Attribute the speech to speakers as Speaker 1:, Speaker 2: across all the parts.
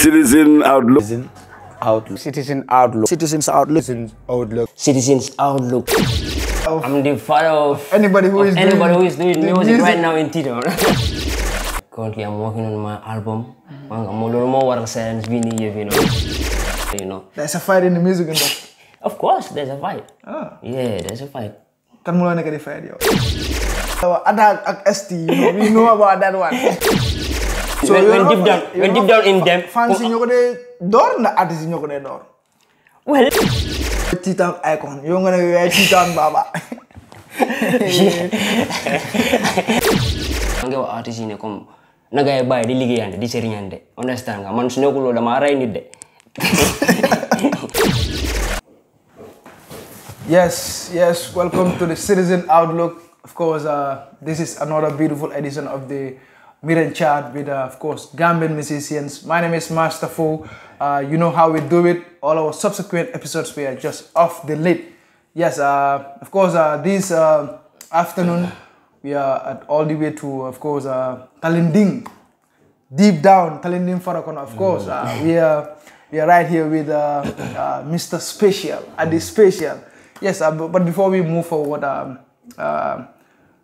Speaker 1: Citizen Outlook. Citizen Outlook. Citizen Outlook. Citizen's Outlook. Citizen's Outlook. Citizen's Outlook. I'm the father of anybody who of is anybody doing who is doing music, music right now in Tito. Currently, I'm working on my album. I'm a little more work since we need you know. You know.
Speaker 2: There's a fight in the music industry. of course, there's a
Speaker 1: fight. Ah. Yeah, there's a fight.
Speaker 2: Kan mulai negeri fight yo. So, ada ST, you know, we know about that one.
Speaker 1: so when deep down when deep down in them Fancy
Speaker 2: oh. yi ñoo ko door na artist yi ñoo ko door well titan icon yow nga ne yaay titan baba
Speaker 1: nga wax artistes yi ne comme na ngay bàyyi di liggéeyante di sëriñante understand nga man su nekkul loolu damaa rey nit de
Speaker 2: Yes, yes, welcome to the Citizen Outlook. Of course, uh, this is another beautiful edition of the meet and chat with, uh, of course, Gambian musicians. My name is Masterful. Uh, you know how we do it. All our subsequent episodes, we are just off the lid. Yes, uh, of course, uh, this uh, afternoon, we are at all the way to, of course, uh, Talinding. Deep down, Talinding Farakon, of course. Uh, mm. we, are, we are right here with Mr. Special, at the Special. Yes, but before we move forward, um,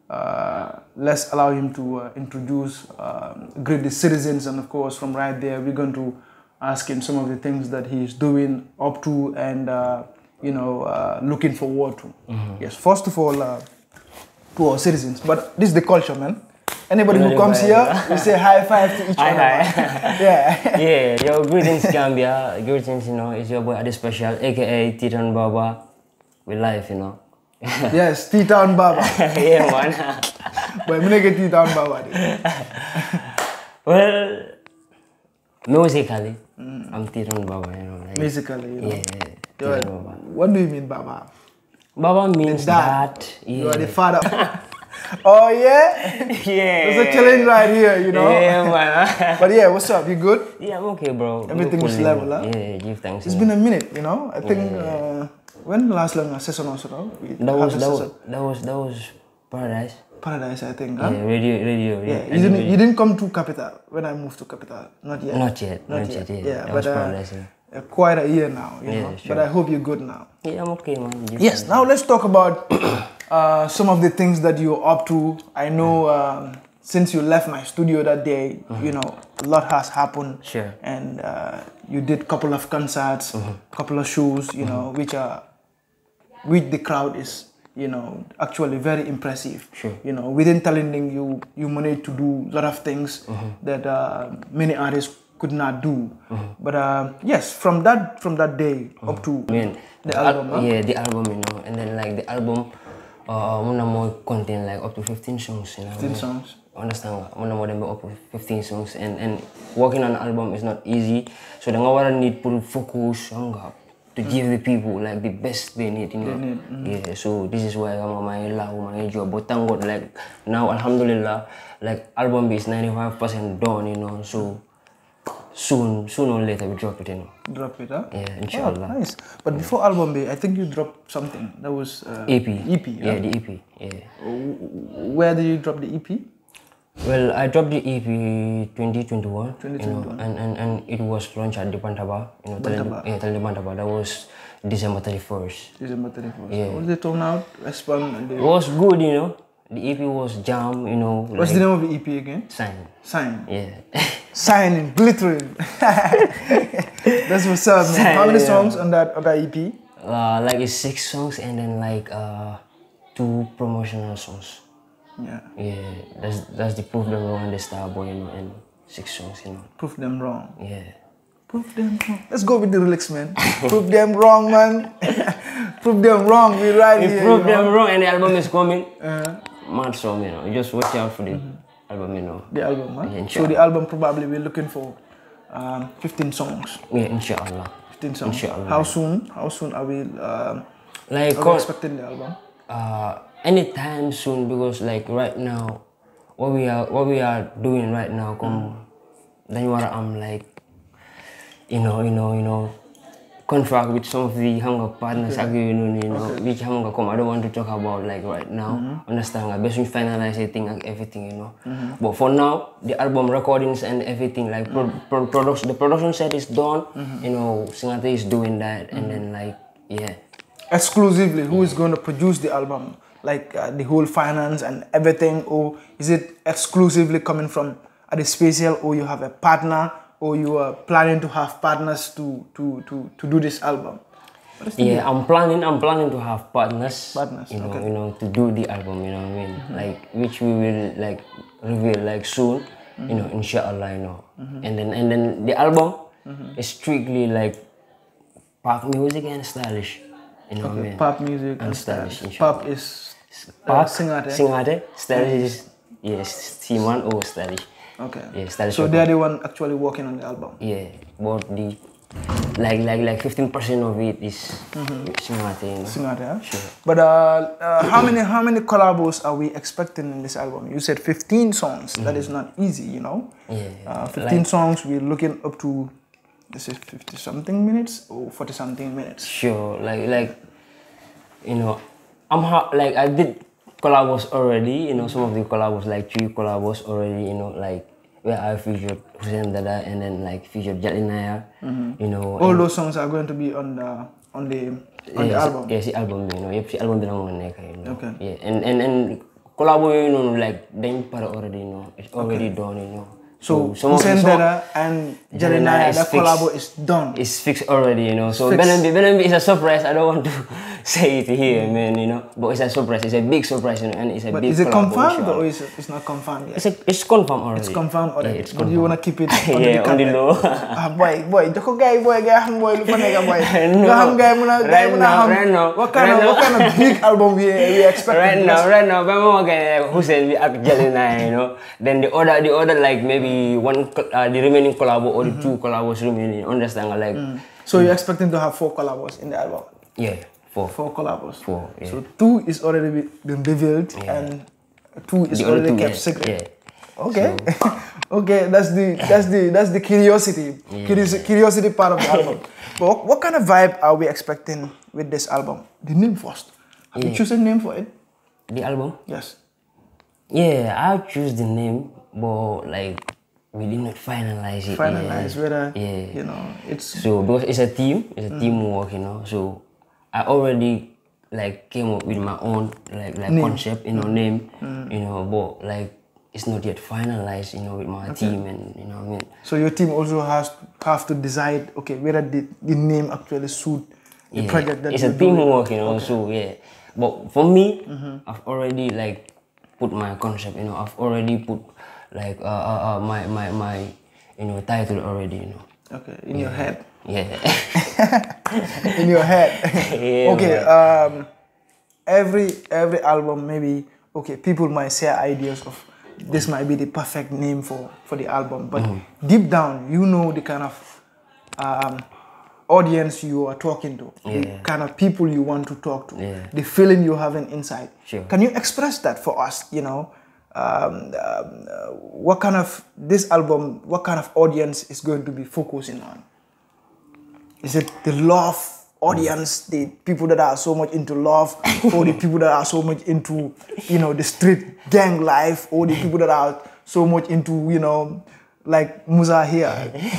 Speaker 2: uh, let's allow him to uh, introduce um, greet great citizens and of course from right there we're going to ask him some of the things that he's doing up to and uh, you know uh, looking forward to mm -hmm. yes first of all uh, to our citizens but this is the culture man
Speaker 1: Anybody who comes here,
Speaker 2: we say high five to each other.
Speaker 1: yeah. yeah, Your greetings Gambia. Greetings, you know, it's your boy Adi Special, aka Titan Baba. We live, you know. yes, T Town Baba. yeah, man. but I'm get T Town Baba. well, musically, mm. I'm T Town Baba. You know, like, musically, you know. yeah. yeah. you Baba.
Speaker 2: what do you mean, Baba?
Speaker 1: Baba means dad. that. Yeah. You are the father.
Speaker 2: oh yeah, yeah. There's a challenge
Speaker 1: right here, you know. Yeah, man.
Speaker 2: but yeah, what's up? You good? Yeah, I'm okay,
Speaker 1: bro. Everything is level, huh? Yeah, give thanks. It's yeah. been a minute, you know. I think. Yeah, yeah.
Speaker 2: Uh, when last lang nga season also, That was that, was that was paradise. Paradise, I think. Huh? Yeah, radio, radio. Yeah, yeah. you didn't you didn't come to capital when I moved to capital. Not yet. Not yet. Not, not yet. yet. Yeah, that but. Was uh, paradise, uh, yeah. quite a year now, you yeah, know. Sure. But I hope you're good now. Yeah, I'm okay, man. yes. Now let's talk about uh, some of the things that you're up to. I know um, since you left my studio that day, mm-hmm. you know, a lot has happened. Sure. And uh, you did couple of concerts, mm-hmm. couple of shows, you mm-hmm. know, which are with the crowd is you know actually very impressive sure. you know within talenting you you manage to do a lot of things mm -hmm. that uh, many artists could not do mm -hmm.
Speaker 1: but uh, yes from that from that day mm -hmm. up to I mean, the, the album al yeah the album you know and then like the album uh one more contain like up to 15 songs you know 15 songs understand nga muna more than ba up 15 songs and and working on an album is not easy so I want to need to focus nga to mm. give the people like the best they need, you know. mm. Yeah, so this is why I'm on my love, my job. But thank God, like now, Alhamdulillah, like album is 95% done, you know. So soon, soon or later, we drop it, you know. Drop it, huh? Yeah, oh, inshallah. Oh,
Speaker 2: nice. But yeah. before album day, I think you dropped something that was uh, EP. EP. Yeah, the EP. Yeah. Oh, where did you drop the EP?
Speaker 1: Well, I dropped the EP 2021, 2021. You know, and, and, and it was launched at the Bantaba, you know, Bantaba. Tele, yeah, Tele That was December 31st. December 31st. Yeah. What
Speaker 2: did the turnout respond? It was
Speaker 1: good, you know. The EP was jam, you know. What's like, the name
Speaker 2: of the EP again? Sign. Sign. Yeah. Signing, glittering.
Speaker 1: That's what's up, Sign, How many yeah. songs
Speaker 2: on that on that EP?
Speaker 1: Uh, like it's six songs and then like uh, two promotional songs. Yeah. Yeah, that's that's the proof them wrong the star boy, you know, and six songs, you know. Proof them wrong. Yeah.
Speaker 2: Prove them wrong. Let's go with the lyrics, man. prove them wrong, man. prove them wrong. We right here. Prove them
Speaker 1: know? wrong, and the album is coming. Uh-huh. Mad song, you know. You just watch out for the mm-hmm. album, you know. The album, huh? Yeah, so the
Speaker 2: album probably we're looking for um, 15
Speaker 1: songs. Yeah, inshallah. 15 songs. Inshallah. How soon? How soon are we? Um, like, are we expecting the album? Uh, anytime soon because like right now what we are what we are doing right now come you danyara I'm like you know you know you know contract with some of the hunger partners okay. you know, you know okay. which hunger come I don't want to talk about like right now mm -hmm. understand I basically we finalize everything like everything you know mm -hmm. but for now the album recordings and everything like pro, mm-hmm. pro production the production set is done mm -hmm. you know Singate is doing that and mm-hmm. then like yeah
Speaker 2: exclusively who is going to produce the album like uh, the whole finance and everything or is it exclusively coming from special, or you have a partner or you are planning to have partners to to to, to do this album yeah deal? i'm planning i'm planning to
Speaker 1: have partners partners you know okay. you know to do the album you know what i mean mm -hmm. like which we will like reveal like soon mm -hmm. you know mm-hmm. inshallah you know mm -hmm. and then and then the album mm-hmm. is strictly like pop music and stylish you know okay. what I mean? Pop music and stylish. Pop is pop uh, singare. Singare, stylish mm. is yes, one or stylish. Okay. Yeah, stylish. So they're the
Speaker 2: one actually working on the album. Yeah,
Speaker 1: but the like like like fifteen percent of it is mm-hmm. Singate. You know?
Speaker 2: Singate, sure. But uh, uh, how many how many collabos are we expecting in this album? You said fifteen songs. Mm -hmm. That mm-hmm. is not easy, you know.
Speaker 1: Yeah. Uh, fifteen like,
Speaker 2: songs. We're looking up to
Speaker 1: this is 50 something minutes or 40 something minutes sure like like you know i'm ha- like i did collabs already you know some of the collabs like three collabs already you know like where I featured Hussein Dada and then like featured Jalinaya, mm-hmm. you know. All those
Speaker 2: songs are going to be on the on the on yeah, the album. Yes, the album,
Speaker 1: you know. Yep, the album bilang mana kayak, you know. Okay. Yeah, and and and collabo you know like dañ para already, you know. It's already okay. done, you know. So some Sendera and Jelena, that collab is done. It's fixed already, you know. So Benambi, Benambi is a surprise. I don't want to say it here, mm. man, you know. But it's a surprise. It's a big surprise, you know, and it's a but big. Is it confirmed
Speaker 2: or is it, it's not confirmed yet? It's,
Speaker 1: a, it's confirmed already. It's
Speaker 2: confirmed already. Yeah, it's confirmed. You wanna keep it
Speaker 1: on yeah, the on the low. ah,
Speaker 2: boy, boy, joko guy, boy, guy, ham boy, lupa nega boy. no. Ham guy, muna guy, muna ham. Right now, what kind right of now. what kind of big album we we expect? Right now, right
Speaker 1: now, but guy, who said we getting nine? you know. Then the other, the other like maybe one, uh, the remaining collab or the mm-hmm. two collabs remaining. Understand like. Mm.
Speaker 2: So you're expecting to have four collabs in the album?
Speaker 1: Yeah. Four. Four collabs. Four, yeah. So
Speaker 2: two is already been revealed yeah. and two is the already two, kept yeah. secret. Okay. So. okay, that's the that's the that's the curiosity. Curiosity, curiosity part of the album. but what, what, kind of vibe are we expecting with this album? The name first. Have you chosen name for it?
Speaker 1: The album? Yes. Yeah, I choose the name, but like we did not finalize it. Finalize whether yeah. you know it's so because it's a team, it's a mm. teamwork, you know. So I already like came up with my own like like name. concept, you know, mm. name, mm. you know, but like it's not yet finalized, you know, with my okay. team and you know what I mean.
Speaker 2: So your team also has have to decide, okay, whether the, the name actually suit the yeah, project that it's a teamwork,
Speaker 1: you know. Okay. So yeah, but for me, mm -hmm. I've already like put my concept, you know, I've already put like uh, uh, uh my my my you know title already, you know. Okay, in yeah. your head. Yeah. in your head. yeah, okay. Man.
Speaker 2: Um, every every album maybe okay people might share ideas of this might be the perfect name for for the album, but mm. deep down you know the kind of um, audience you are talking to, yeah. the kind of people you want to talk to, yeah. the feeling you have an inside. Sure. Can you express that for us? You know, um, um, uh, what kind of this album, what kind of audience is going to be focusing on? is it the love audience, the people that are so much into love, or the people that are so much into, you know, the street gang life, or the people that are so much into, you know, like Musa here,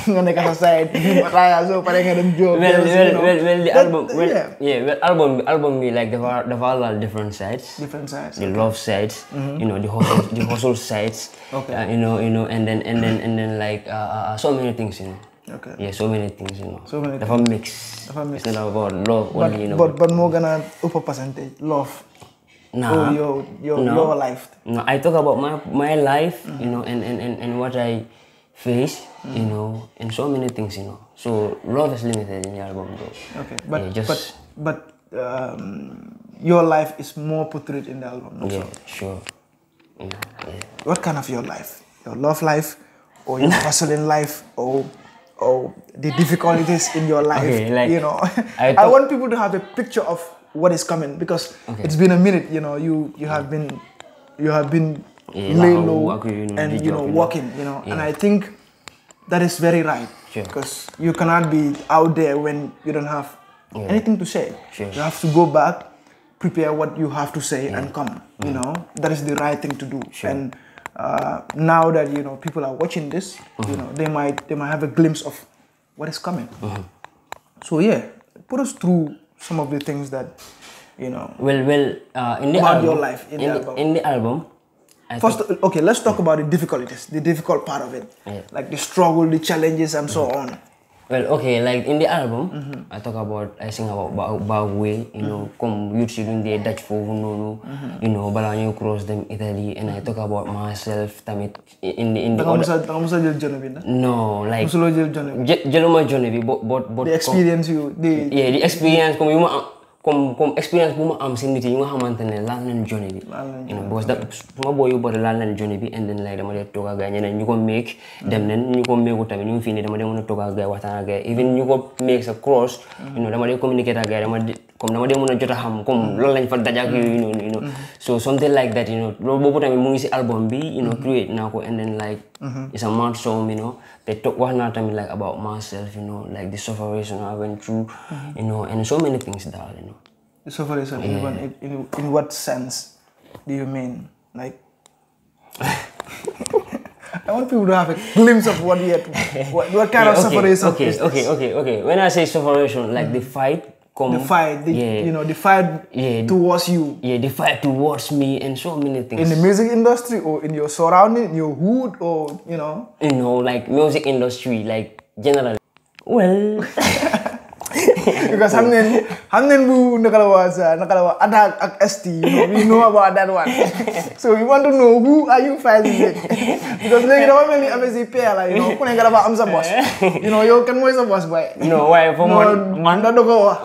Speaker 2: nga nekk sa side, Raya so pare nga dem job. Well, well, well, well, the album, well, yeah.
Speaker 1: yeah, well, album, album bi like the dafa laal different sides. Different sides. The okay. love sides, mm -hmm. you know, the hustle, the hustle sides. Okay. Uh, you know, you know, and then and then and then like uh, uh, uh so many things, you know okay yeah so many things you know so many dafa mix dafa mix it's not about love but, only you know but
Speaker 2: but more gonna uh, upper percentage love nah, oh, your your no, your life.
Speaker 1: No, I talk about my my life, mm. you know, and, and, and, and what I face, mm. you know, and so many things, you know. So love is limited in the album, though. Okay, but yeah, just, but
Speaker 2: but um, your life is more portrayed in the album. No? Yeah,
Speaker 1: sure. Yeah, yeah.
Speaker 2: What kind of your life? Your love life, or your personal life, or or the difficulties in your life. Okay, like, you know, I, I, want people to have a picture of what is coming because okay. it's been a minute. You know, you you have been you have been
Speaker 1: yeah, lay oh, low and you know walking.
Speaker 2: You know, yeah. and I think that is very right sure. because you cannot be out there when you don't have yeah. anything to say. Sure. You have to go back, prepare what you have to say, and come. You mm. know, that is the right thing to do. Sure. And uh, now that you know people are watching this, mm-hmm. you know they might they might have a glimpse of what is coming. Mm-hmm. So yeah, put us through some of the things that you know.
Speaker 1: Well, well, uh, in the about album, your life in, in the, album. In the album. I First, think, okay, let's
Speaker 2: talk yeah. about the difficulties, the difficult part of it, yeah. like the struggle, the challenges, and so on.
Speaker 1: Well, okay, like in the album, mm-hmm. I talk about, I sing about Bagwe, you know, mm-hmm. come you children there, Dutch for know, mm-hmm. you know, Balanyo cross them Italy, and I mm-hmm. talk about myself, Tamit, in the. In the
Speaker 2: other,
Speaker 1: no, like. Jeloma Jonavi, but. but, but the experience
Speaker 2: you. The, yeah, the
Speaker 1: experience, come you comme comme expérience bu ma am si nit nga xamante ne laal nañu journée bi. laal nañu journée bi parce que su ma booy yu bëri laal nañu journée bi and then like dama dee toog ak ñeneen ñu ko meek. dem nañ ñu ko meeku tamit ñu ngi nii dama dee mën a toog waxtaan ak gars even ñu ko meek sa cross. Mm-hmm. dama dee communiquer ak gars comme dama dee mën a jot a xam comme loolu lañ fa dajak yooyu noonu hmm. you know hmm. so something like that you know loolu boobu tamit mu ngi si album bi you know hmm. create naa and then like it's a mad song you know They talk wax naa tamit like about myself you know like the suffering I went through you know and so many things daal you know the suffering even
Speaker 2: in, in what sense do you mean like I want people to have a glimpse of what yet what, what kind yeah, okay, of separation okay, is
Speaker 1: okay, okay, okay. When I say separation, like mm -hmm. the fight come defied yeah. you know defied yeah. towards you yeah defied towards me and so many things in the music
Speaker 2: industry or in your surrounding your hood or you know
Speaker 1: you know like music industry like generally
Speaker 2: well because xam ngeen xam ngeen bu naka la was naka la a attack ak ST we know about that one so we want to know who are you fighting with because léegi dafa mel ni affaire si pair la you know sa boss you know yow kan mooy sa boss boy no waaye fo man
Speaker 1: man da dogo wax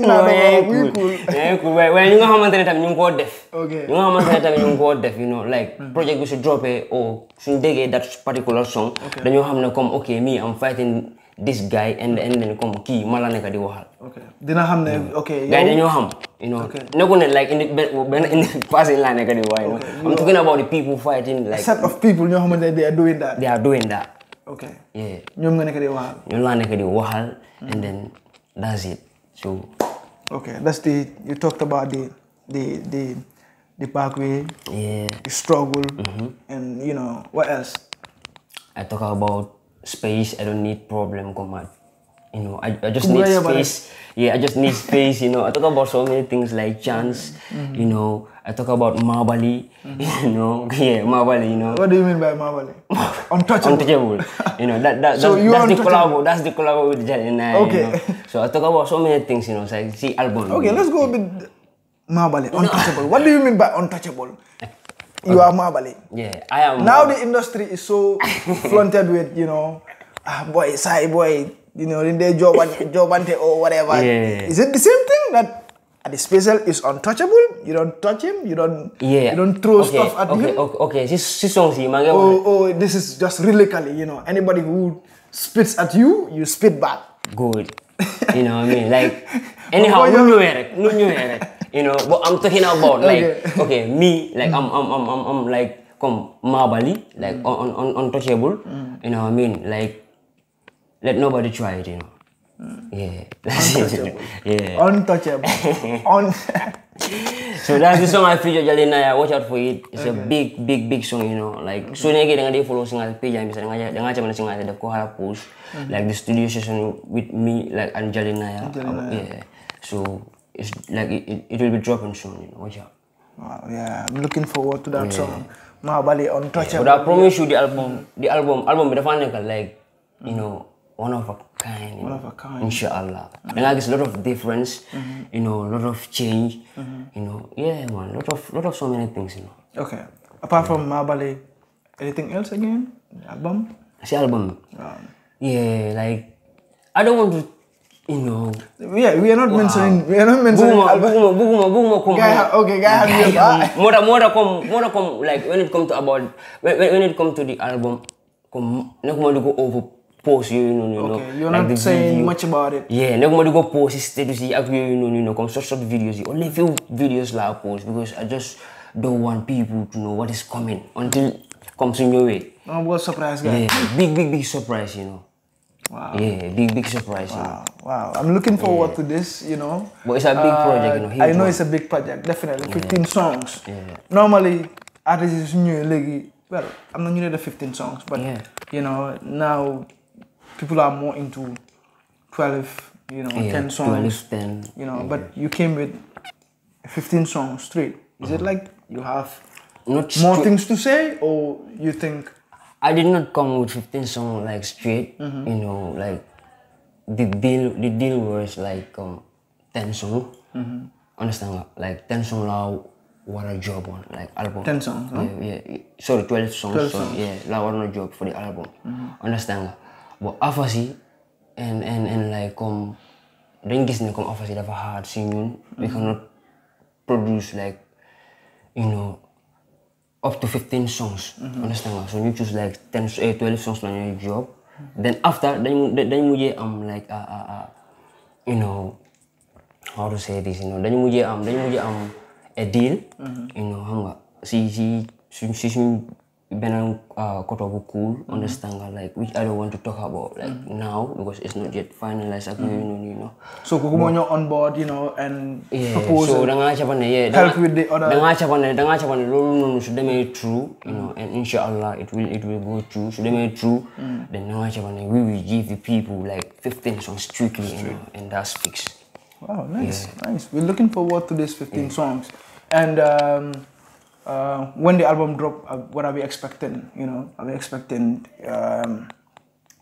Speaker 2: non yaa
Speaker 1: ngi cool yaa ngi cool waaye ñu nga xamante ne tamit ñu ngi koo def. you know like hmm. projet bi su droppé o suñu déggee that particular song. dañoo xam ne comme ok me am fighting. this guy and and then comme kii ma la nekk di waxal. okay dina xam ne hmm. ok yow gars yi xam. you know nekkul ne like in the indi line laa ka di wax. ok I'm talking about the people fighting like. a set of
Speaker 2: people ñoo xamante ne they are doing that.
Speaker 1: they are doing that. okay yeah
Speaker 2: ñoom nga ka di waxal.
Speaker 1: ñoom ne ka di waxal. and then that's it so.
Speaker 2: okay that's the you talked about the the the the pathway yeah the struggle mm -hmm. and you know what else
Speaker 1: i talk about space. I don't need problem on, You know, I, I just need space. Yeah, I just need space. You know, I talk about so many things like chance. Mm-hmm. You know, I talk about Mabali. Mm-hmm. You know, yeah, Mabali. You know. What do you mean by Mabali? untouchable. untouchable. You know that that so that's, you that's the collab. That's the collab with Janina. Okay. You know? So I talk about so many things. You know, So I see album. Okay,
Speaker 2: let's go a bit. Mabali, untouchable. What do you mean by untouchable? You okay. are marveling. Yeah, I am. Now the industry is so flaunted with, you know, ah, boy, side boy, you know, in their job, job ante or oh, whatever. Yeah. Is it the same thing that the special is untouchable. You don't touch him. You don't. Yeah. You don't throw okay, stuff at okay, him.
Speaker 1: Okay. Okay. This this song him. Oh,
Speaker 2: oh, this is just lyrically. You know, anybody who spits
Speaker 1: at you, you spit back. Good. you know what I mean? Like anyhow, no new Eric. no new Eric. you know what I'm talking about. Like okay, okay me, like I'm, I'm, I'm, I'm, I'm like come Marbali, like mm. un, un, untouchable. Mm. You know what I mean? Like let nobody try it. You know. Mm. Yeah. Untouchable. yeah. Untouchable. Un- so that's the song I feature Jalina. Watch out for it. It's okay. a big, big, big song, you know. Like okay. soon again, dengan dia follow single page yang bisa dengan dengan macam mana single ada ko Mm -hmm. Like the studio session with me like Angelina ya. Angelina. Yeah. So it's like it, it will be dropping soon. You know, watch out. Wow, yeah, I'm
Speaker 2: looking forward
Speaker 1: to that yeah. song. Bali on touch. Yeah, but I promise you, the album, the album, album, the final like, you know, one of a kind. One of a kind. Inshallah. Mm-hmm. And like it's a lot of difference, mm-hmm. you know, a lot of change, mm-hmm. you know. Yeah, man, lot of, lot of so many things, you know. Okay. Apart
Speaker 2: yeah. from Bali, anything else again? The album?
Speaker 1: The album. Um, yeah, like I don't want to you know. Yeah, we are not wow. mentioning. We are not mentioning. Buguma, Buguma, Buguma, Buguma, guy, okay, guy, guy have more, more, come, more, come. Like when it come to about when, when it come to the album, come, not want to go over post you, you know, you okay, You're like not saying video. much about it. Yeah, not want to go post status, you know, you know, come short short videos. Only few videos like post because I just don't want people to know what is coming until comes in your way.
Speaker 2: I'm oh, what surprise guy? Yeah,
Speaker 1: big, big, big surprise, you know. Wow. Yeah, big big surprise. Wow, you know.
Speaker 2: wow. I'm looking forward yeah. to this, you know. But it's a big uh, project, you know. I know one. it's a big project, definitely. Yeah. 15 songs. Yeah. Normally, artists new, like, well, I'm not new to the 15 songs, but yeah. you know, now people are more into 12, you know, yeah, 10 songs. 12, 10. You know, but you came
Speaker 1: with 15 songs straight.
Speaker 2: Is it mm-hmm. like you have
Speaker 1: Not more things to say, or you think? I did not come with 15 songs like straight, mm-hmm. you know, like the deal the deal was like um, 10 songs. Mm-hmm. Understand? Like 10 songs like what a job on like album. 10 songs, huh? yeah, yeah. Sorry, 12 songs. 12 songs. yeah, like what a job for the album. Mm-hmm. Understand? But Afasi and and and like um then gis ne comme Afasi dafa hard si we mm-hmm. cannot produce like you know up to 15 songs. Mhm. understand nga so ñu choose like 10 12 eh, songs la ñuy job. Mhm. then after dañu dañu am like you know how to say this dañu mujjee am dañu a deal. Mhm. you nga si si si suñ Benan uh, Kotobu cool, mm-hmm. like which I don't want to talk about like mm-hmm. now because it's not yet finalized agreement, mm-hmm. you know. So Kukumonyo
Speaker 2: on board, you know, and
Speaker 1: yeah, propose so and yeah, help with the other Dangachapane Dangachapane Lulu should they make true, you know, mm. and inshallah it will it will go through. Should they make true, mm-hmm. then Dangachapane we will give the people like fifteen songs strictly, you know, and that's fixed.
Speaker 2: Wow, nice, yeah. nice. We're looking forward to these fifteen yeah. songs. And um uh, when the album drop, uh, what are we expecting? You know, are we expecting um,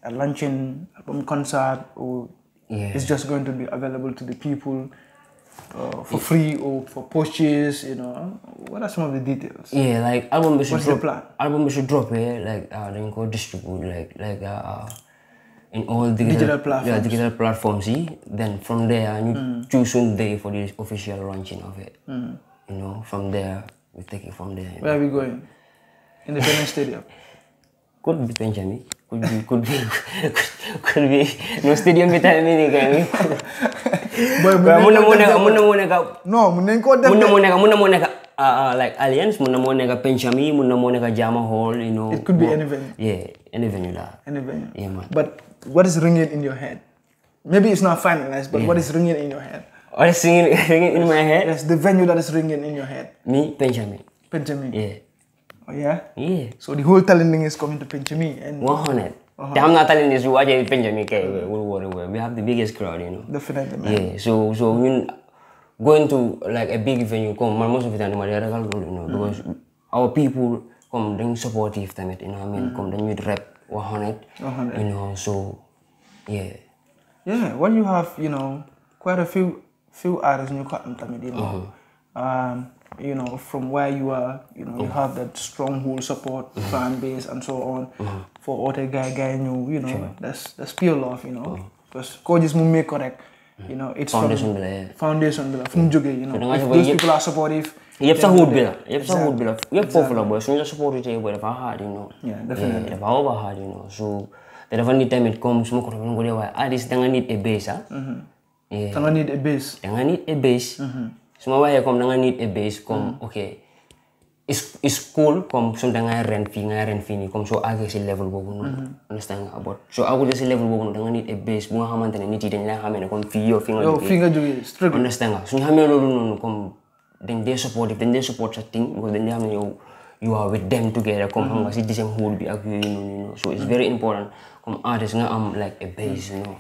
Speaker 2: a luncheon album concert, or yeah. it's just going to be available to the people uh, for free or for purchase? You know, what are some of the details? Yeah, like album we should What's drop. The plan?
Speaker 1: Album we should drop here, yeah? like uh, then go distribute, like like uh, in all digital, digital platforms. Yeah, digital platforms. See, then from there, you mm. choose one day for the official launching of it. Mm. You know, from there We take it from there. Where are we going? Independence Stadium. Could be Benjamin. Could be, could be, could be. No stadium kita ini mini kaya. Muna muna muna muna ka. No, muna kau dah. Muna muna ka, muna muna ka. Uh, ah, uh, ah, like Alliance, muna muna ka Benjamin, muna muna ka Jama Hall, you know. It could be any venue. Yeah, any venue lah. Any venue. Yeah man. But
Speaker 2: what is ringing in your head? Maybe it's not finalized, but yeah. what is ringing in your head?
Speaker 1: Or oh, singing
Speaker 2: ringing in my head? Yes, the venue that is ringing in your head.
Speaker 1: Me, Benjamin.
Speaker 2: Benjamin. Yeah. Oh yeah. Yeah. So the whole talent thing is coming to Benjamin and. One hundred. Uh-huh. I'm not
Speaker 1: telling this. Why did Benjamin okay, we, we, we have the biggest crowd, you know. Definitely, man. Yeah. So so when going to like a big venue, come most of the time, you know, mm-hmm. because our people come they supportive, them it, you know. What I mean, mm. come they need rep 100, 100, you know. So yeah.
Speaker 2: Yeah. Well, you have you know quite a few few artists ñu ko am tamit you know uh-huh. um, you know from where you are you know you oh. uh-huh. so on uh-huh. for other guy guy ñëw you know that's that's you know because koo gis mu make correct you know it's foundation bi la foundation are supportive yëpp sax wut bi la yëpp sax wut bi la
Speaker 1: yëpp foofu la booy suñu la supporté booy dafa hard you know yeah definitely dafa over hard you know so te dafa nit tamit comme suma ko toog nga ko dee waaye artist da nga nit a base ah mm-hmm. eh, tanga need a base tanga need a base mm -hmm. suma waye comme tanga need a base comme mm -hmm. okay is is cool comme som tanga ren fi nga ren fi ni comme so age si level bobu no mm -hmm. understand nga about so aku si level bobu no tanga need a base bu nga xamantene nit yi dañ la xamene comme fi yo fi nga yo fi nga joge struggle understand nga suñu xamé lolu nonu comme dañ dé support dañ dé support sa thing because dañ dé xamné yow you are with them together comme mm-hmm. xam nga si the same whole bi ak you know, so it's very important comme artist nga am um, like a base you know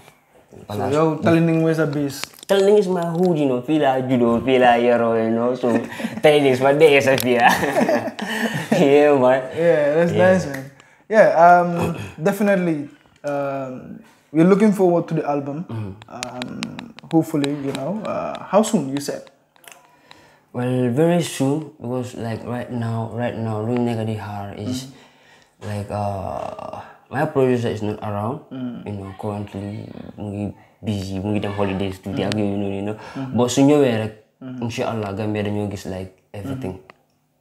Speaker 1: So yo, Telening was a beast. Telening is my hood, you know, fila, judo, fila, yero, you know, so telling is my day as a yeah, man. Yeah, that's yeah. nice, man.
Speaker 2: Yeah, um, definitely. Um, we're looking forward to the album. Mm-hmm. Um, hopefully, you know, uh, how soon you said?
Speaker 1: Well, very soon because like right now, right now, really negative heart is mm-hmm. like uh my producer is not around. Mm. You know, currently we busy, we them holidays to the mm. you know, you know. Mm-hmm. But soon you rek, mm-hmm. inshallah, Gambia dañu like everything. Mm-hmm.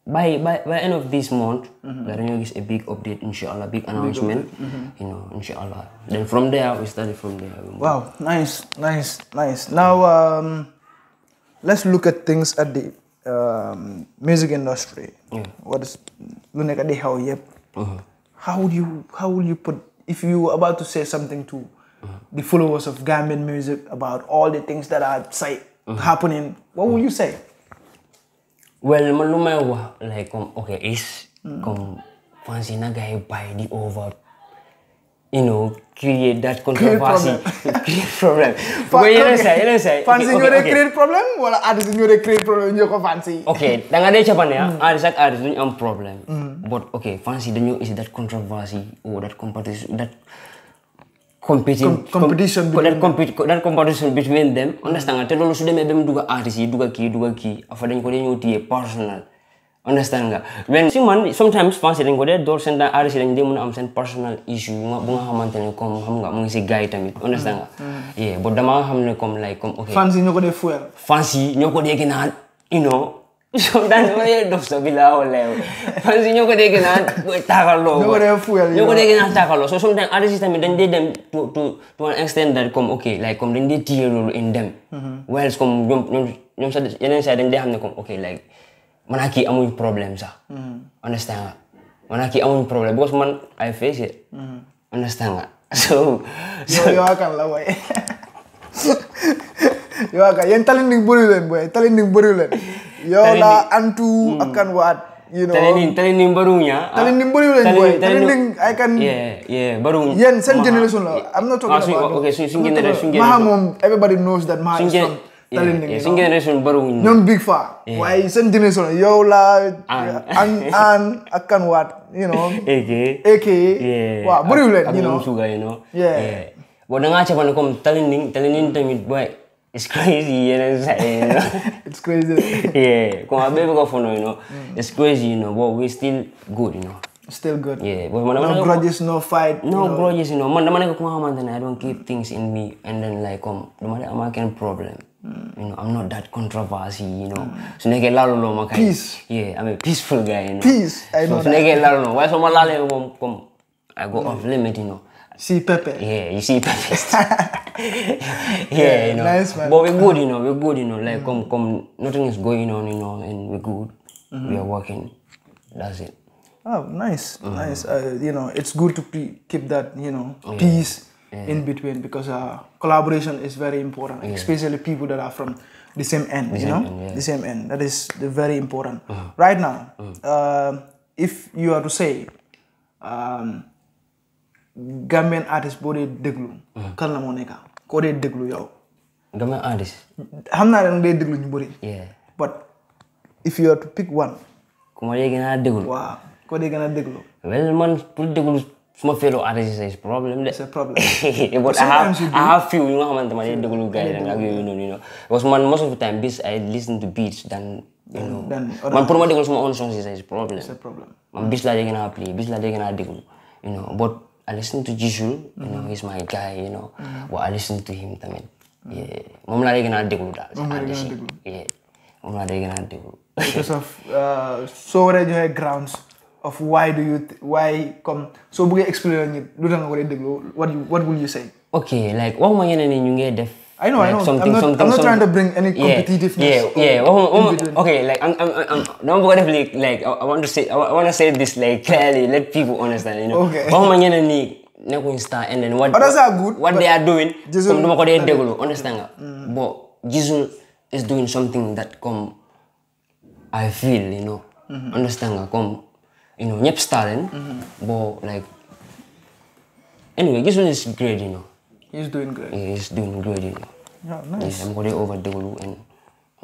Speaker 1: By, by by end of this month, mm-hmm. dañu gis a big update, inshallah, big announcement, mm-hmm. you know, inshallah. Then from there we started from there. Wow,
Speaker 2: nice, nice, nice. Now um, let's look at things at the um, music industry. Yeah. What is lu nekk di xew how would you how would you put if you were about to say something to mm-hmm. the followers of Gambian music about all the things that are say, mm-hmm. happening, what would you say?
Speaker 1: Well, lu may like um, okay, is um, come fancy na gay bay the over you know create that controversy create problem gue ya lang say yun lang say fancy okay, okay, create
Speaker 2: problem wala ada sa nyore create problem nyo ko fancy okay dengan ada siapa ya
Speaker 1: mm. ada sak ada problem hmm. but okay fancy danyo is that controversy or oh, that competition that competing Com competition com, that, that competition between them understand ate lolu sudah mebem duga artis duga ki duga ki afadan ko dia tie personal understand nga benn si man sometimes fans yi dañ ko a am seen personal issue bu nga xamante ne comme xam nga mu ngi si gars yi tamit understand nga mm-hmm. Mm-hmm. yeah but dama nga comme like comme ok ko dee fuel fans yi a you know sometimes dama dee so sometimes artiste tamit dañ comme ok like comme dañ da tiye loolu in dem mm-hmm. whereas comme yeneen saa dañ dee comme ok ki amuy problem sah, mm. understand Mana ki amuy problem bos. man I face it mm. understand nggak so, so yo yo akan lah boy
Speaker 2: yo akan yang talending burulen boy talending burulen yo la antu mm. akan wat you know talending
Speaker 1: baru barunya talending baru boy talending I can yeah yeah baru Yang Yang generation lah I'm not talking ah, about okay so same generation Mahamom,
Speaker 2: everybody knows that maha
Speaker 1: talent yeah, yeah. seen generation bariwuñ ñoom big
Speaker 2: fa waaye seen generation yow la an an ak kan
Speaker 1: waat you know aka aka waaw bariwul leen you know suga you know yeah bo da nga ci fan comme talent ning tamit boy it's crazy you know it's crazy yeah comme abe ko fono you know hmm. it's crazy you know but we still good you know Still good. Yeah, but man, no grudges, no fight. No you know. grudges, you know. Man, man, I don't keep things in me, and then like, um, the man, I'm making problem. Mm. you know, I'm not that controversy, you know. So nake lalo no makai. Peace. Yeah, I'm a peaceful guy, you know. Peace. I know. So nake lalo no. Why so malale come come? I go off mm. limit, you know. See Pepe. Yeah, you see Pepe. yeah, yeah, you know. Nice man. But we're good, you know. We're good, you know. Like come come, nothing is going on, you know, and we're good. Mm -hmm. We mm-hmm. are working. That's it.
Speaker 2: Oh, nice, mm -hmm. nice. Uh, you know, it's good to keep that, you know, yeah. peace in between because uh, collaboration is very important, yeah. especially people that are from the same end, the you same know, end, yeah. the same end. That is very important. Uh-huh. Right now, uh, if you are to say, um, Gambian artist boo déglu. Uh-huh. kan la moo nekk koo déglu yow. Gambian artist. xam naa ne dee déglu ñu Yeah. but
Speaker 1: if you are to pick one. ku ma déglu. Wow, koo dee déglu. well man pour déglu. Semua fellow ada sih saya problem deh. It's a problem. but I have I have few, you know how many teman dulu guys dan lagu you know you know. Because man, most of the time beats I listen to beats dan you know. Then. man purma dia kalau semua on song sih saya problem. It's a problem. Man beats lah dia kena play, beats lah dia kena adik you know. But I listen to Jisoo, you know, mm-hmm. he's my guy, you know. Mm-hmm. But I listen to him teman. Yeah. Mom lah dia kena adik dulu dah. Adik Yeah. Mom lah dia Because
Speaker 2: of uh, so where do grounds? do you why comme soo bëggee expliquer la nit lu tax nga ko dee déglu what you what will ne
Speaker 1: ñu ngi def. I know, like I know. Something, I'm not, something, I'm not trying to bring any competitiveness. Yeah, yeah. yeah. okay, like I'm, I'm, I'm, I'm I, want to say, I, want to say this like clearly, let people understand. You know. what. Oh, they are doing. ko dee déglu mm-hmm. something that comme I feel you know. Mm-hmm. understand nga comme. you know, nyep starting, mm-hmm. but like, anyway, this one is great, you know. He's doing great. Yeah, he's doing great, you know. Yeah, nice. Yeah, I'm going over Dolu, and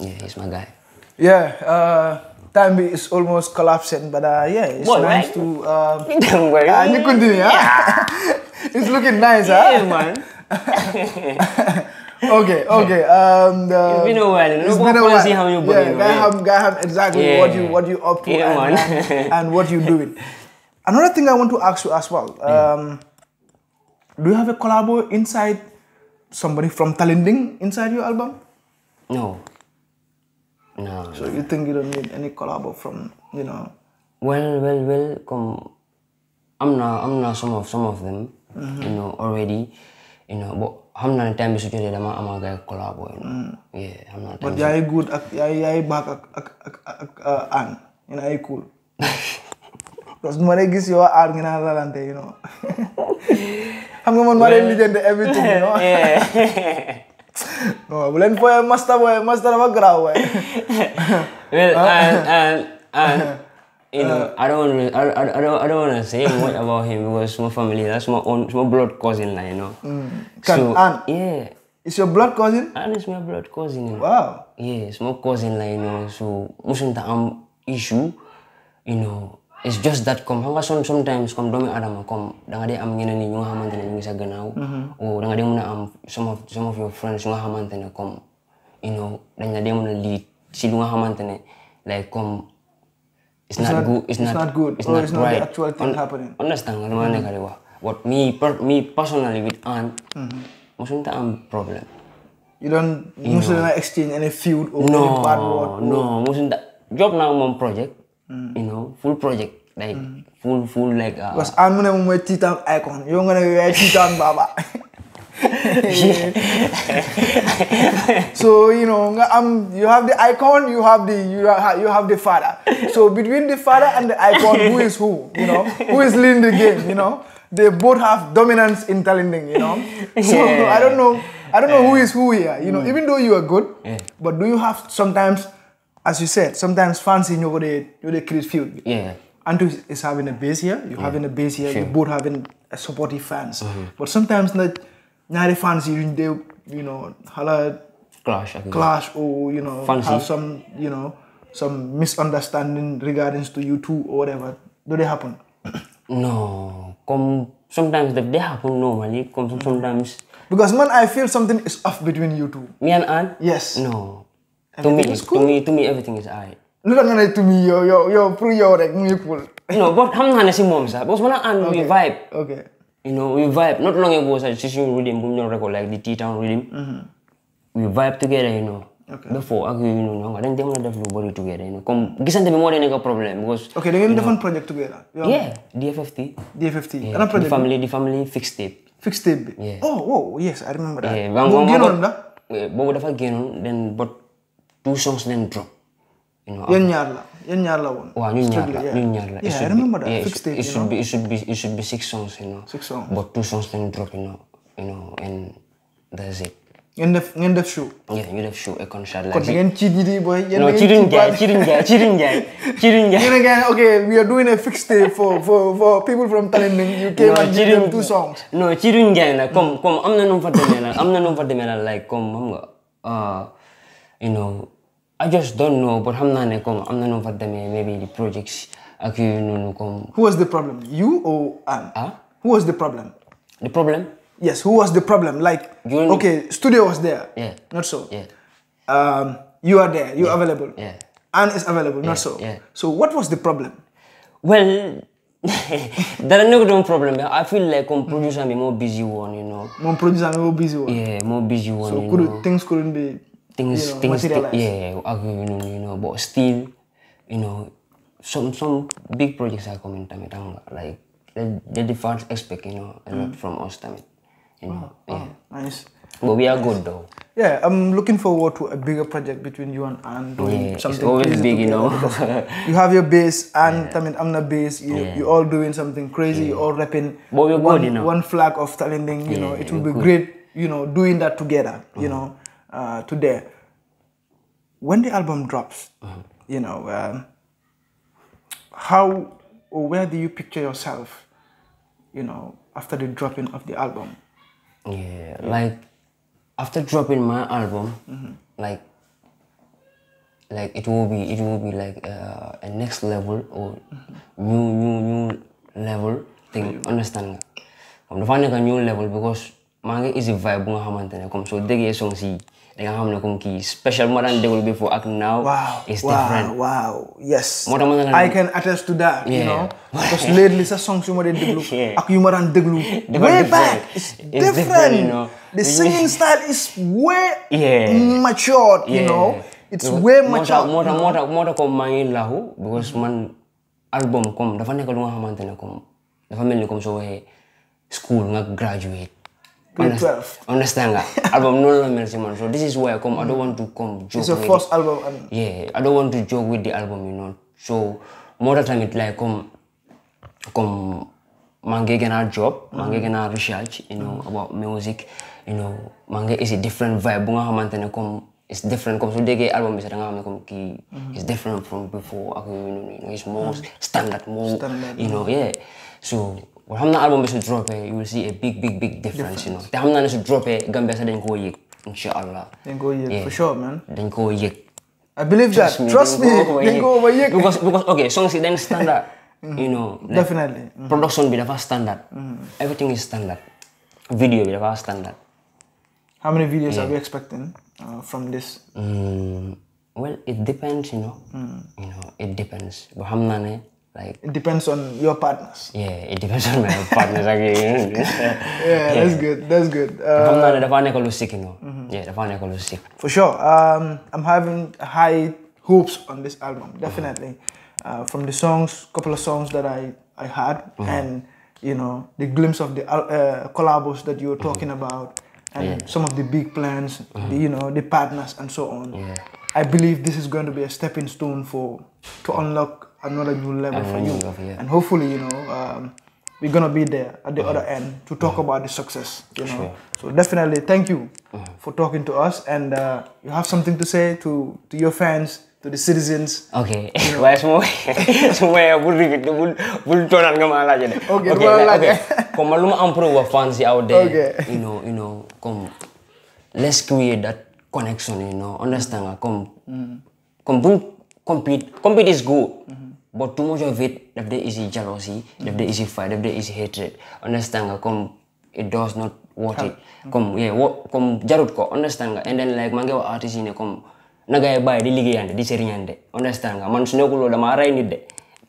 Speaker 1: yeah, he's my guy.
Speaker 2: Yeah, uh, Tambi is almost collapsing, but uh, yeah, it's what, nice right? to. Um, Uh, you ah, continue, ah. yeah. it's looking nice, yeah,
Speaker 1: huh? man.
Speaker 2: okay, okay. Um, the, it's been a while. It's been a while. See how you yeah, doing. know, Gaham, exactly yeah. what you what you up to yeah, and, uh, and, what you doing. Another thing I want to ask you as well. Um, do you have a collabo inside somebody from Talending inside your album?
Speaker 1: No. No. So you
Speaker 2: think you don't need any collabo from you know?
Speaker 1: Well, well, well. Come, I'm not. I'm not some of some of them. Mm -hmm. You know already. You know, but xam naa ne time bi su jotee dama am ak ay collabo yi. xam naa ne. yaa ngi
Speaker 2: good ak yaa yaa ngi baax ak ak ak ak an ñu naan ay cool. parce que ma lay gis yow aar ngeen a lalante you know. xam nga man maa leen lijjanti everything you know. non bu leen fooyee master booy master dafa garaaw waaye.
Speaker 1: well and and and you uh. know, I don't want to, I, I, I don't, I don't want to say much about him because my family, that's my own, my blood cousin, like, you know. Mm. Can, so, yeah. It's your blood cousin? And it's my blood cousin. Wow. Yeah, it's my cousin, like, you know. So, the am issue, you know. It's just that come hanga son sometimes come domi Adam come danga de am ngene ni ñu xamantene ñu ngi sa gannaaw o danga de mëna am some of some of your friends ñu xamantene come you know dañ la de mëna lead ci lu nga xamantene like come it's, it's not, not, good. It's, it's not, not, good. It's or not oh, it's not right. the actual thing Un happening. Understand what mm -hmm. What, what me per me personally with aunt, mm -hmm. was problem.
Speaker 2: You don't you must exchange any feud or no, any bad word. Or... No,
Speaker 1: job now mom project. Mm. You know, full project like mm. full full like. Uh, Because
Speaker 2: I'm gonna wear Titan icon. You're gonna wear Titan Baba. so you know, um, you have the icon, you have the you have, you have the father. So between the father and the icon, who is who? You know, who is leading the game? You know, they both have dominance in talenting. You know, so yeah. I don't know, I don't know who is who here. You know, mm. even though you are good, yeah. but do you have sometimes, as you said, sometimes fans in your the your the create field. Yeah. Andrew is having a base here. You're yeah. having a base here. Sure. You both having supportive fans. Mm -hmm. But sometimes like now the fans even they you know xala
Speaker 1: clash clash
Speaker 2: or you know Fancy. have some you know some misunderstanding regarding to you two or whatever do they happen
Speaker 1: no come sometimes they happen normally come sometimes because man i feel something is off between you two me and Anne? yes no to me cool. to me to me everything is alright
Speaker 2: lu tax nga to me yo yo yow pour yow rek mu ngi
Speaker 1: no but xam naa ne si moom sax because man and we vibe okay you know, we vibe. Not long ago, was a teaching rhythm, we don't record like the tea town rhythm. Mm -hmm. We vibe together, you know. Okay. Before, okay, you know, I didn't want to develop body together. You know, come, this a problem because. Okay, they have different
Speaker 2: project together. Yeah. yeah, DFFT. DFFT. Yeah. Another project. Yeah. Oh, Yeah,
Speaker 1: but ganon da. then but two songs then drop. You know. Yeah,
Speaker 2: yéen ñaar la woon. waaw ñun ñaar la ñun ñaar la. yeah I remember that fixed date. it should be it
Speaker 1: should be it should be six songs you know. six songs but two songs lañ drop you know you know and that's it. ngeen def ngeen def show. yeah ñu def show kon ngeen ci di di booy. yéen ngeen ci di jaay ci di jaay ci di jaay
Speaker 2: ci di jaay. yéen a ngi ok we are doing a fixed day for for for people from Talending you came and give them two
Speaker 1: songs. non ci di jaay nag comme comme am na nu mu fa demee nag am na nu mu fa demee nag like comme xam nga uh, you know. I just don't know, but I'm not come. I'm not over them. Maybe the projects. Uh, who was
Speaker 2: the problem? You or Anne? Huh? Who was the problem? The problem? Yes, who was the problem? Like, During okay, studio was there. Yeah. Not so. Yeah. Um, you are there. You're yeah.
Speaker 1: available. Yeah. Anne is available. Yeah. Not so. Yeah. So what was the problem? Well, there are no problem. I feel like I'm producer mm. more busy one, you know. More producer more busy one. Yeah, more busy one. So could,
Speaker 2: things couldn't be
Speaker 1: things you know, things yeah, argue, you know, you know, but still, you know, some some big projects are coming to me, like the, the different expect, you know, a lot mm. from us, time, you know, oh, yeah. Oh, nice. But we are nice. good though.
Speaker 2: Yeah, I'm looking forward to a bigger project between you and Anne doing yeah, something. It's always big, you know. you have your base and yeah. I mean I'm the base. You yeah. you all doing something crazy. Yeah. You all rapping. one, good, you know? one flag of talenting. You know, it will be good. great. You know, doing that together. You mm. know, uh, today, when the album drops, uh-huh. you know, um, how or where do you picture yourself, you know, after the dropping of the album?
Speaker 1: Yeah, yeah. like after dropping my album, mm-hmm. like like it will be it will be like uh, a next level or mm-hmm. new new new level thing. Understand? Comme finding a new level because maa ngi easy vibe bu I come so comme soo déggee da nga xam ne kii special bu ma daan déglu before ak now. waaw is different
Speaker 2: waaw yes. moo tax yu ma dee déglu. ak yu ma daan déglu. way it's different. the singing style is way. matured you know. it's way maa
Speaker 1: ngi lahu because man album comme dafa nekk lu nga xamante ne comme dafa mel ni comme soo waxee school nga graduate. grade 12. understand nga album noonu la mel si man so this is why I don't want to come joke. with the album you know so moo tax tamit like comme comme maa ngi gën a job maa mm-hmm. ngi gën a research you know mm-hmm. about music you know maa ngi a different vibe bu nga xamante ne comme it's different comme su déggee album bi sax da nga xam ne comme mm-hmm. it's different from before ak you know it's more standard more you know yeah When xam album is su droppé you will see a big big big difference you know te xam is ne su droppé Gambia sax dañ go yëg inshallah. allah. go koo yeah, for sure man. dañ go yëg. I believe that trust me dañ go ma yëg because because ok songs yi dañ standard. you know definitely mm-hmm. production be the first standard. Mm-hmm. everything is standard. video be the first standard. How many videos yeah. are we expecting uh, from this? Mm, well, it depends, you know. Mm. You know, it depends. But how many? Like it depends on your partners. Yeah, it depends on my partners again. yeah, that's
Speaker 2: good. That's good. Uh,
Speaker 1: mm-hmm. yeah,
Speaker 2: For sure. Um, I'm having high hopes on this album, mm-hmm. definitely. Uh, from the songs, couple of songs that I I had, mm -hmm. and you know the glimpse of the uh, collabos that you were mm-hmm. talking mm -hmm. about, and yeah. some of the big plans, mm -hmm. the, you know the partners and so on. Yeah. I believe this is going to be a stepping stone for to unlock another new level another for new you. Level, yeah. And hopefully, you know, um, we're gonna be there at the mm other end to talk mm about the success. You know, sure. so definitely thank you mm for talking to us. And uh, you have something to say to to your fans. To the citizens.
Speaker 1: Okay. You know. Semua bul bul bul tonan ngamal aja deh. Okay. Okay. Like, okay. Kau malu mah ampro wa fans out there. Okay. You know, you know, come. Let's create that connection. You know, understand? Come, mm. come, compete. Compete is good. Mm-hmm. But too much of it, if there is jealousy, mm. if mm-hmm. there is fight, if there is hatred, understand nga comme it does not worth it. Comme yeah, what comme jarut ko, understand nga. And then like mangi wa artist ne comme nagay ya bay di yande, di yande. Understand nga. Man su nekkuloo dama rey nit de.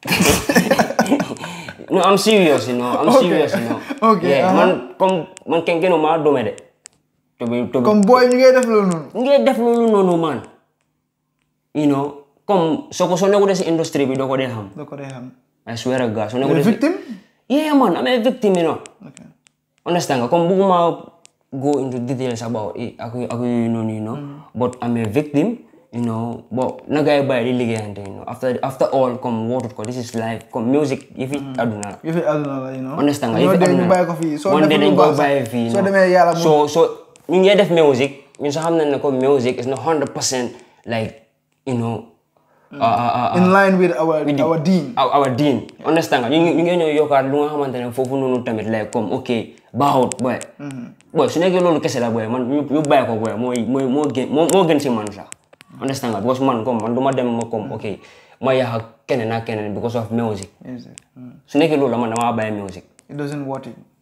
Speaker 1: no, I'm serious, you know. I'm okay. serious, you know. Okay. Yeah, uh -huh. man comme man kenn gënu maa dome de. To be to be. Comme boy ni ngay def lolu ngay def lolu noonu man. You know, Comme soko so nego gude industry bi doko de ham. Doko de ham. I swear to God. So victim? Yeah ya, man, I'm a victim you know. Okay. Understand kom bu ma go into details about it. Aku aku you know you know. Mm. But I'm a victim. You know, but gay bay di ante you know. After after all, come water ko, this is life. kom music, if it mm. aduna. If
Speaker 2: it aduna, you know. Understand nga, if it aduna. Buy coffee. So one day go buy fee. So dem yalla So
Speaker 1: so, ñu def music, ñu sa xamna ne ko music is not 100% like, you know, Uh, in line with our with our deen. Our, our deen. Yeah. Understand? You you know you are doing how fofu no tamit like come okay bahot boy. Mm-hmm. Boy, so nake lolo kese la boy man you buy ko boy mo mo man sa. Understand? Because man come man do madam mo come okay. Ma ya kene na kene because of music. Yes. So nake lolo man ma buy music.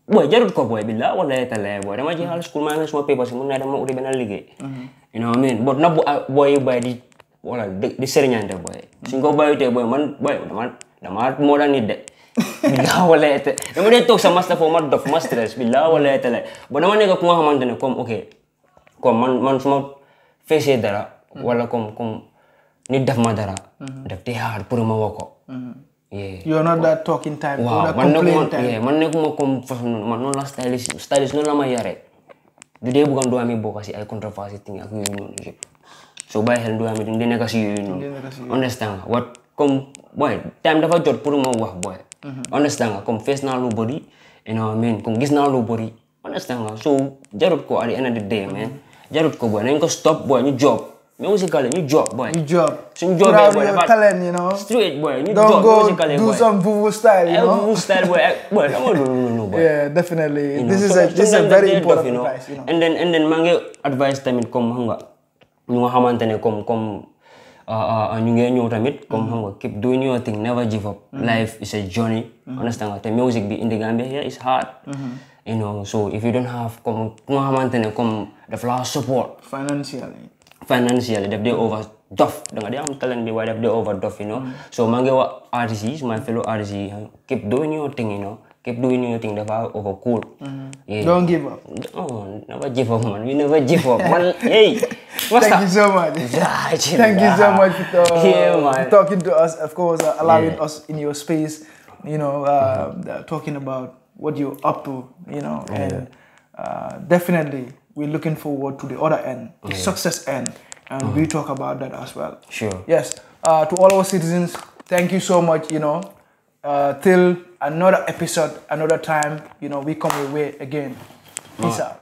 Speaker 1: Boy, jarut ko boy bila wala ya tala boy. Dama ji hal school man papers mo na dama uri bena ligue. Mm-hmm. You know I mean? But na boy boy di wala di di sëriñante booy suñ ko bàyyutee booy man booy dama dama moo daan nit de bilaa wala ete dee toog sa master foofu ma dof ma stress bilaa wala ete la ba dama nekk ku xamante ne comme ok man man su ma feesee dara hmm. wala comme comme def ma dara hmm. daf te xaar pour ma woo ko hmm. Yeah. You're
Speaker 2: not that talking type. Wow. That man nekkuma yeah, man
Speaker 1: nekkuma comme façon noonu man noonu la stylist stylist noonu la ma yare du dee bëggoon doo amee bokk ay controverse thing ak yooyu noonu yëpp So bay hel do hamidum dina kasi you know understand what comme boy time dafa jot pour mo wax boy understand mhm. comme face na lu bari you know what I mean comme gis na lu bari understand so jarut ko at the end of the day man jarut ko boy nañ ko stop boy ñu job musically ñu job boy ñu job suñu job boy dafa
Speaker 2: talent you know street boy ñu job musically boy do some vuvu style you eh, know vuvu style boy eh, boy no no no boy yeah definitely this is a this is a very important advice you know
Speaker 1: and then and then ma advice tamit comme hanga. nga ñoo xamantene comme comme comme ñu ngee ñëw tamit comme xam nga keep doing your thing never give up mhm. life is a journey mhm. understand nga te music bi indi the Gambia here is hard mhm. you know so if you don't have comme ku xamantene comme daf laa support
Speaker 2: financially
Speaker 1: financially daf dee over dof da nga di am talent bi way daf dee over dof you know so maa wa wax my fellow artistes keep doing your thing you know keep doing your thing dafa overcool. Mm-hmm. don't give up. never give up man we never give up man hey. What's Thank up? you
Speaker 2: so much. Thank you so much for, yeah, talking to us. Of course, uh, allowing yeah. us in your space. You know, uh, uh, talking about what you're up to. You know, yeah. and uh, definitely we're looking forward to the other end, the success end, and we mm-hmm. talk about that as well. Sure. Yes. Uh, to all our citizens, thank you so much. You know, uh, till another episode, another time. You know, we come away again. Peace right. out.